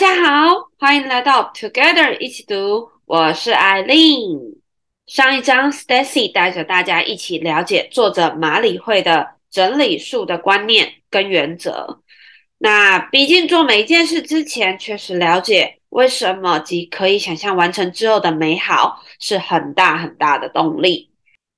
大家好，歡迎來到 Together 一起讀，我是 Aileen。上一章 Stacy 帶着大家一起了解作者麻理惠的整理術的觀念跟原則。那畢竟做每一件事之前，確實了解為什麼及可以想象完成之後的美好，是很大很大的動力。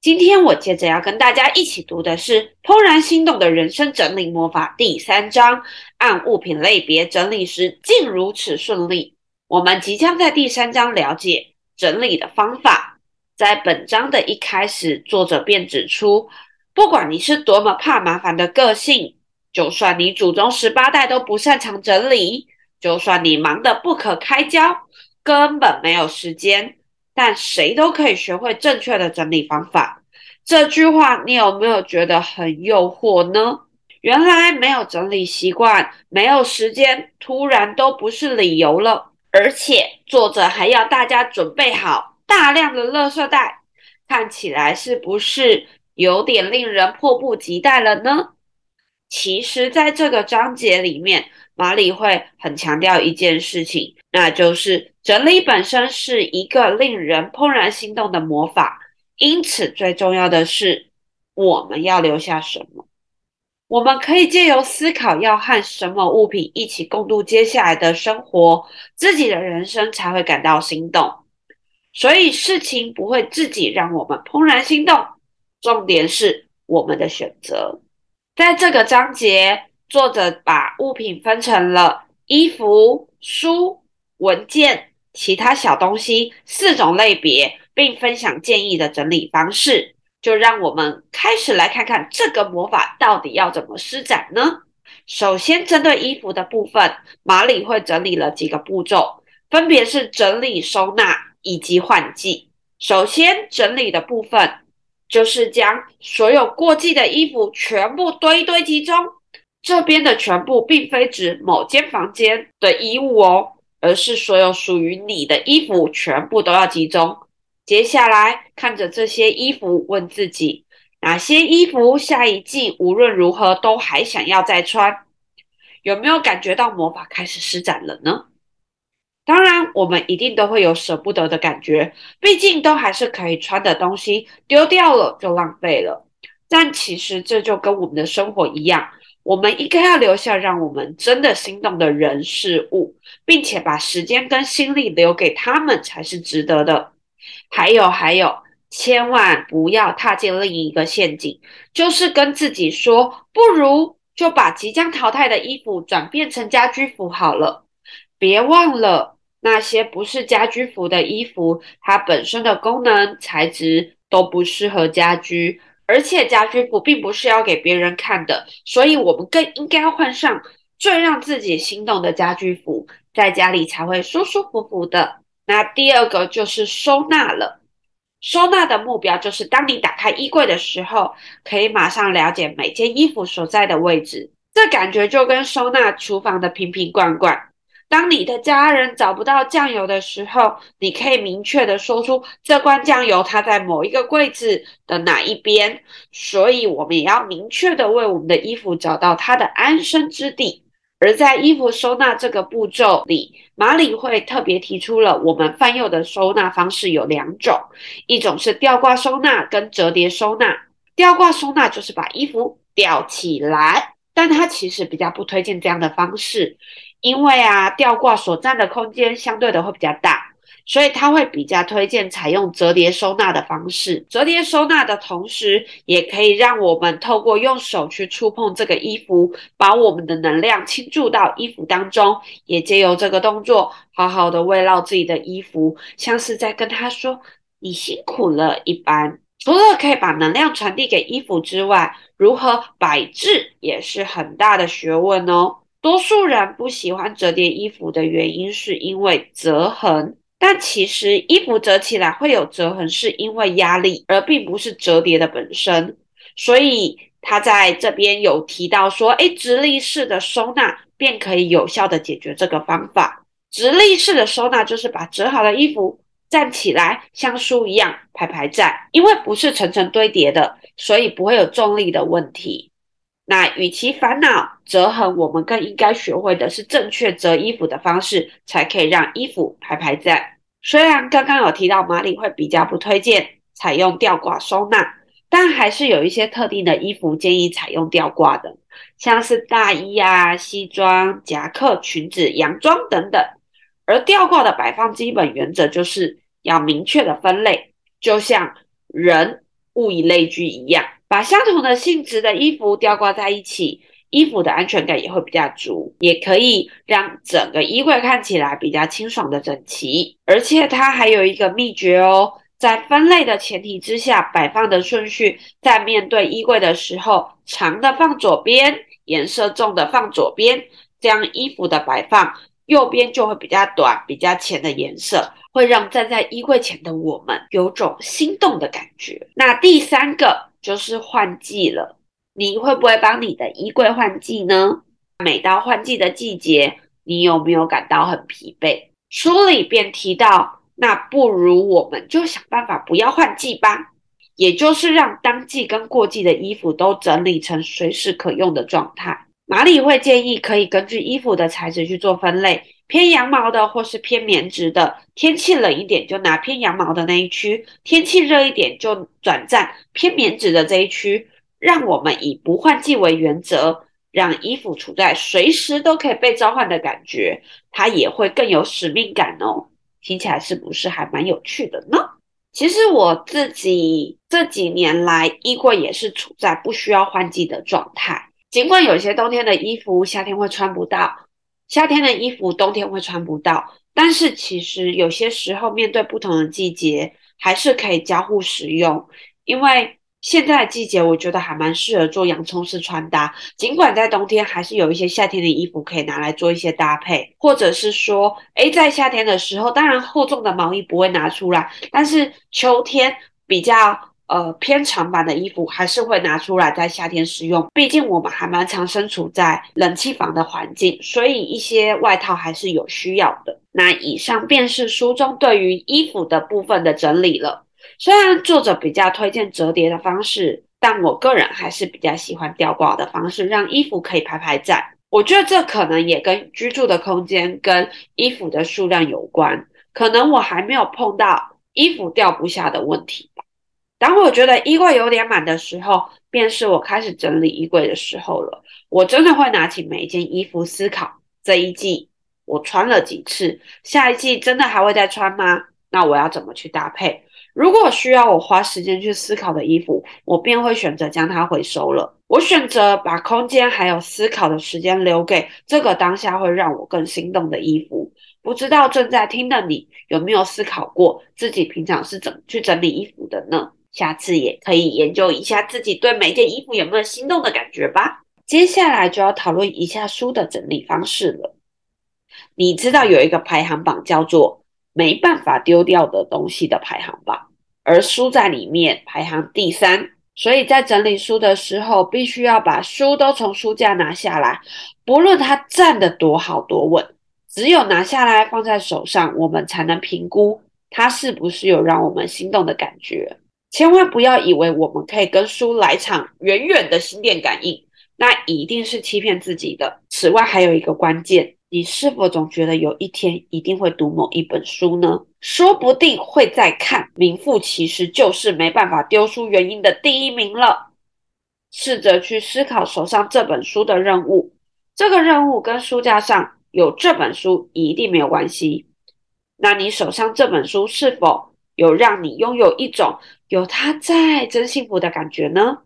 今天我接着要跟大家一起讀的是《怦然心動的人生整理魔法》第三章。按物品類別整理時竟如此順利，我們即將在第三章了解整理的方法。在本章的一開始，作者便指出，不管你是多麼怕麻煩的個性，就算你祖宗十八代都不擅長整理，就算你忙得不可開交，根本沒有時間，但誰都可以學會正確的整理方法。這句話你有沒有覺得很誘惑呢？原來沒有整理習慣，沒有時間，突然都不是理由了，而且作者還要大家準備好大量的垃圾袋，看起來是不是有點令人迫不及待了呢？其實，在這個章節裡面，麻理惠很強調一件事情，那就是整理本身是一個令人怦然心動的魔法。因此，最重要的是我們要留下什麼？我們可以借由思考要和什麼物品一起共度接下來的生活，自己的人生才會感到心動。所以，事情不會自己讓我們怦然心動，重點是我們的選擇。在這個章節，作者把物品分成了衣服、書、文件、其他小東西四種類別。並分享建議的整理方式，就讓我們開始來看看這個魔法到底要怎麼施展呢？首先，針對衣服的部分，麻理惠整理了幾個步驟，分別是整理、收納以及換季。首先，整理的部分就是將所有過季的衣服全部堆一堆集中。這邊的全部並非指某間房間的衣物哦，而是所有屬於你的衣服全部都要集中。接下來看着這些衣服，問自己哪些衣服下一季無論如何都還想要再穿？有沒有感覺到魔法開始施展了呢？當然，我們一定都會有捨不得的感覺，畢竟都還是可以穿的東西，丟掉了就浪費了。但其實這就跟我們的生活一樣，我們應該要留下讓我們真的心動的人事物，並且把時間跟心力留給他們，才是值得的。還有還有，千萬不要踏進另一個陷阱，就是跟自己說，不如就把即將淘汰的衣服轉變成家居服好了。別忘了，那些不是家居服的衣服，它本身的功能、材質都不適合家居，而且家居服並不是要給別人看的，所以我們更應該換上最讓自己心動的家居服，在家裡才會舒舒服服的。那第二個就是收納了。收納的目標就是，當你打開衣櫃的時候，可以馬上了解每件衣服所在的位置。這感覺就跟收納廚房的瓶瓶罐罐。當你的家人找不到醬油的時候，你可以明確的說出這罐醬油它在某一個櫃子的哪一邊。所以，我們也要明確的為我們的衣服找到它的安身之地。而在衣服收納這個步驟裡，麻理惠特別提出了我們泛用的收納方式有兩種，一種是吊掛收納跟折疊收納。吊掛收納就是把衣服吊起來，但它其實比較不推薦這樣的方式，因為啊，吊掛所佔的空間相對的會比較大。所以他會比較推薦採用摺疊收納的方式。摺疊收納的同時，也可以讓我們透過用手去觸碰這個衣服，把我們的能量傾注到衣服當中，也借由這個動作，好好的慰勞自己的衣服，像是在跟他說你辛苦了一般。除了可以把能量傳遞給衣服之外，如何擺置也是很大的學問哦。多數人不喜歡折疊衣服的原因，是因為折痕。但其實衣服折起來會有折痕，是因為壓力，而並不是折疊的本身。所以他在這邊有提到說，哎，直立式的收納便可以有效的解決這個方法。直立式的收納就是把折好的衣服站起來，像書一樣排排站，因為不是層層堆疊的，所以不會有重力的問題。那與其煩惱折痕，我們更應該學會的是正確折衣服的方式，才可以讓衣服排排站。雖然剛剛有提到麻理惠比較不推薦採用吊掛收納，但還是有一些特定的衣服建議採用吊掛的，像是大衣啊、西裝、夾克、裙子、洋裝等等。而吊掛的擺放基本原則就是要明確的分類，就像人物以類聚一樣，把相同的性質的衣服吊掛在一起。衣服的安全感也會比較足，也可以讓整個衣櫃看起來比較清爽的整齊。而且它還有一個祕訣哦，在分類的前提之下，擺放的順序，在面對衣櫃的時候，長的放左邊，顏色重的放左邊，這樣衣服的擺放右邊就會比較短，比較淺的顏色，會讓站在衣櫃前的我們有種心動的感覺。那第三個就是換季了。你會不會幫你的衣櫃換季呢？每到換季的季節，你有沒有感到很疲憊？書裡便提到，那不如我們就想辦法不要換季吧，也就是讓當季跟過季的衣服都整理成隨時可用的狀態。麻理惠會建議可以根據衣服的材質去做分類，偏羊毛的或是偏棉質的，天氣冷一點就拿偏羊毛的那一區，天氣熱一點就轉戰偏棉質的這一區。讓我們以不換季為原則，讓衣服處在隨時都可以被召喚的感覺，它也會更有使命感哦。聽起來是不是還蠻有趣的呢？其實我自己這幾年來，衣櫃也是處在不需要換季的狀態。儘管有些冬天的衣服夏天會穿不到，夏天的衣服冬天會穿不到，但是其實有些時候面對不同的季節，還是可以交互使用，因為，現在季節，我覺得還蠻適合做洋蔥式穿搭。儘管在冬天，還是有一些夏天的衣服可以拿來做一些搭配，或者是說，哎，在夏天的時候，當然厚重的毛衣不會拿出來，但是秋天比較呃偏長版的衣服還是會拿出來在夏天使用。畢竟我們還蠻常身處在冷氣房的環境，所以一些外套還是有需要的。那以上便是書中對於衣服的部分的整理了。雖然作者比較推薦折疊的方式，但我個人還是比較喜歡吊掛的方式，讓衣服可以排排站。我覺得這可能也跟居住的空間跟衣服的數量有關，可能我還沒有碰到衣服吊不下的問題吧。當我覺得衣櫃有點滿的時候，便是我開始整理衣櫃的時候了。我真的會拿起每一件衣服，思考這一季我穿了幾次，下一季真的還會再穿嗎？那我要怎麼去搭配？如果需要我花時間去思考的衣服，我便會選擇將它回收了。我選擇把空間還有思考的時間留給這個當下會讓我更心動的衣服。不知道正在聽的你有沒有思考過自己平常是怎麼去整理衣服的呢？下次也可以研究一下自己對每件衣服有沒有心動的感覺吧。接下來就要討論一下書的整理方式了。你知道有一個排行榜叫做？沒辦法丟掉的東西的排行榜，而書在裡面排行第三，所以在整理書的時候，必須要把書都從書架拿下來，不論它站得多好多穩，只有拿下來放在手上，我們才能評估它是不是有讓我們心動的感覺。千萬不要以為我們可以跟書來場遠遠的心電感應，那一定是欺騙自己的。此外，還有一個關鍵。你是否總覺得有一天一定會讀某一本書呢？說不定會再看，名副其實就是沒辦法丟書原因的第一名了。試着去思考手上這本書的任務，這個任務跟書架上有這本書一定沒有關係。那你手上這本書是否有讓你擁有一種有它在真幸福的感覺呢？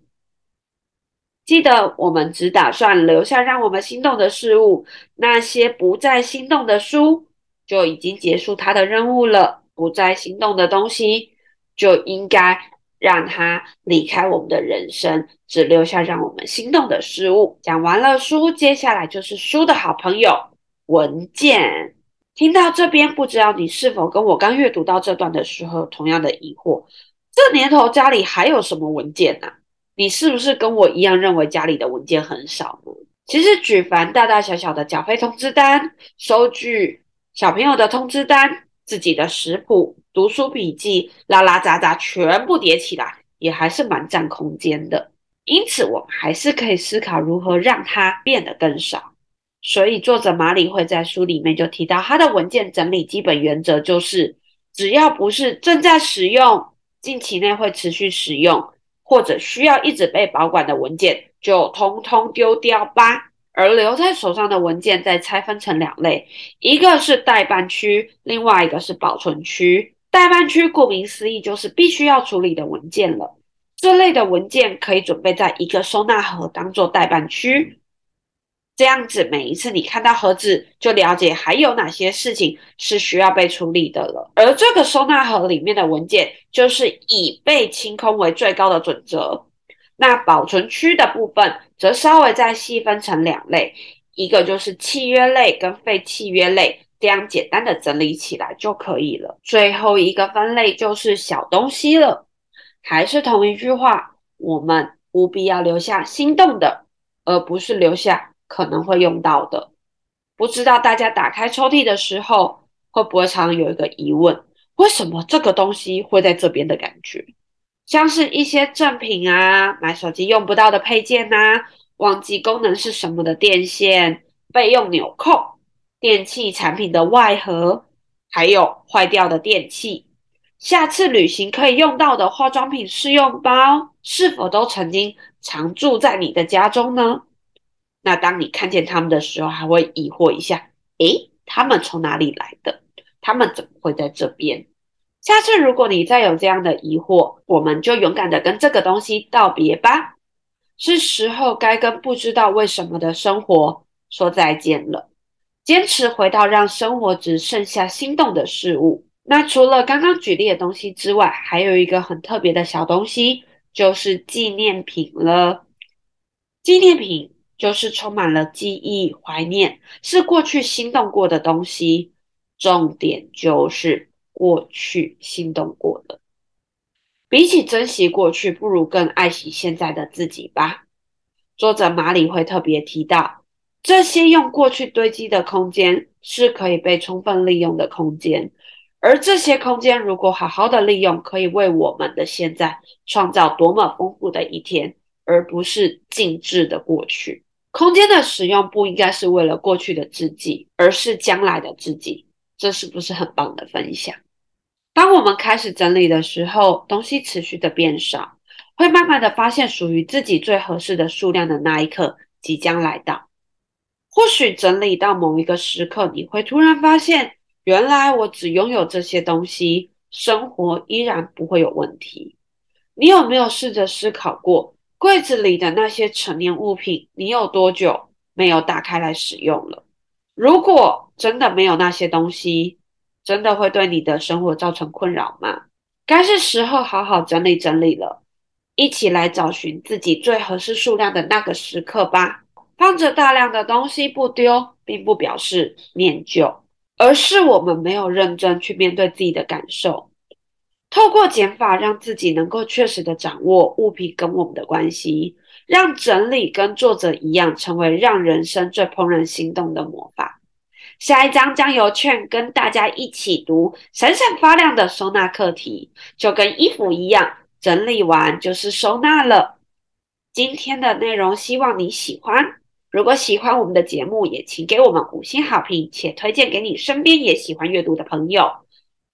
記得我們只打算留下讓我們心動的事物，那些不再心動的書就已經結束它的任務了。不再心動的東西就應該讓它離開我們的人生，只留下讓我們心動的事物。講完了書，接下來就是書的好朋友文件。聽到這邊，不知道你是否跟我剛閱讀到這段的時候同樣的疑惑？這年頭家裡還有什麼文件呢？啊？你是不是跟我一樣認為家裡的文件很少呢？其實舉凡大大小小的繳費通知單、收據、小朋友的通知單、自己的食譜、讀書筆記，拉拉雜雜，全部疊起來，也還是蠻占空間的。因此，我們還是可以思考如何讓它變得更少。所以，作者麻理惠在書裡面就提到，他的文件整理基本原則就是：只要不是正在使用，近期內會持續使用。或者需要一直被保管的文件，就通通丟掉吧。而留在手上的文件再拆分成兩類，一個是待辦區，另外一個是保存區。待辦區顧名思義就是必須要處理的文件了，這類的文件可以準備在一個收納盒當做待辦區。這樣子，每一次你看到盒子，就了解還有哪些事情是需要被處理的了。而這個收納盒裡面的文件，就是以被清空為最高的準則。那保存區的部分，則稍微再細分成兩類，一個就是契約類跟非契約類，這樣簡單的整理起來就可以了。最後一個分類就是小東西了，還是同一句話，我們務必要留下心動的，而不是留下。可能會用到的，不知道大家打開抽屜的時候會不會常有一個疑問：為什麼這個東西會在這邊的感覺？像是一些贈品啊，買手機用不到的配件吶、啊，忘記功能是什麼的電線、備用紐扣、電器產品的外盒，還有壞掉的電器，下次旅行可以用到的化妝品試用包，是否都曾經常住在你的家中呢？那當你看見他們的時候，還會疑惑一下：誒，他們從哪裡來的？他們怎麼會在這邊？下次如果你再有這樣的疑惑，我們就勇敢的跟這個東西道別吧。是時候該跟不知道為什麼的生活說再見了。堅持回到讓生活只剩下心動的事物。那除了剛剛舉例的東西之外，還有一個很特別的小東西，就是紀念品了。紀念品。就是充滿了記憶、懷念，是過去心動過的東西。重點就是過去心動過的。比起珍惜過去，不如更愛惜現在的自己吧。作者麻理惠特別提到，這些用過去堆積的空間是可以被充分利用的空間，而這些空間如果好好的利用，可以為我們的現在創造多麼豐富的一天，而不是靜置的過去。空間的使用不應該是為了過去的自己，而是將來的自己。這是不是很棒的分享？當我們開始整理的時候，東西持續的變少，會慢慢的發現屬於自己最合適的數量的那一刻即將來到。或許整理到某一個時刻，你會突然發現，原來我只擁有這些東西，生活依然不會有問題。你有沒有試着思考過？櫃子裡的那些陳年物品，你有多久沒有打開來使用了？如果真的沒有那些東西，真的會對你的生活造成困擾嗎？該是時候好好整理整理了，一起來找尋自己最合適數量的那個時刻吧。放着大量的東西不丟，並不表示念舊，而是我們沒有認真去面對自己的感受。透過減法，讓自己能夠確實地掌握物品跟我們的關係，讓整理跟作者一樣，成為讓人生最怦然心動的魔法。下一章將由 Chen 跟大家一起讀閃閃發亮的收納課題，就跟衣服一樣，整理完就是收納了。今天的內容希望你喜歡，如果喜歡我們的節目，也請給我們五星好評，且推薦給你身邊也喜歡閱讀的朋友。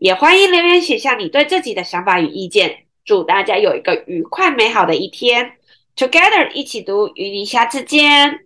也歡迎留言寫下你對自己的想法與意見。祝大家有一個愉快美好的一天！Together 一起讀，與你下次見。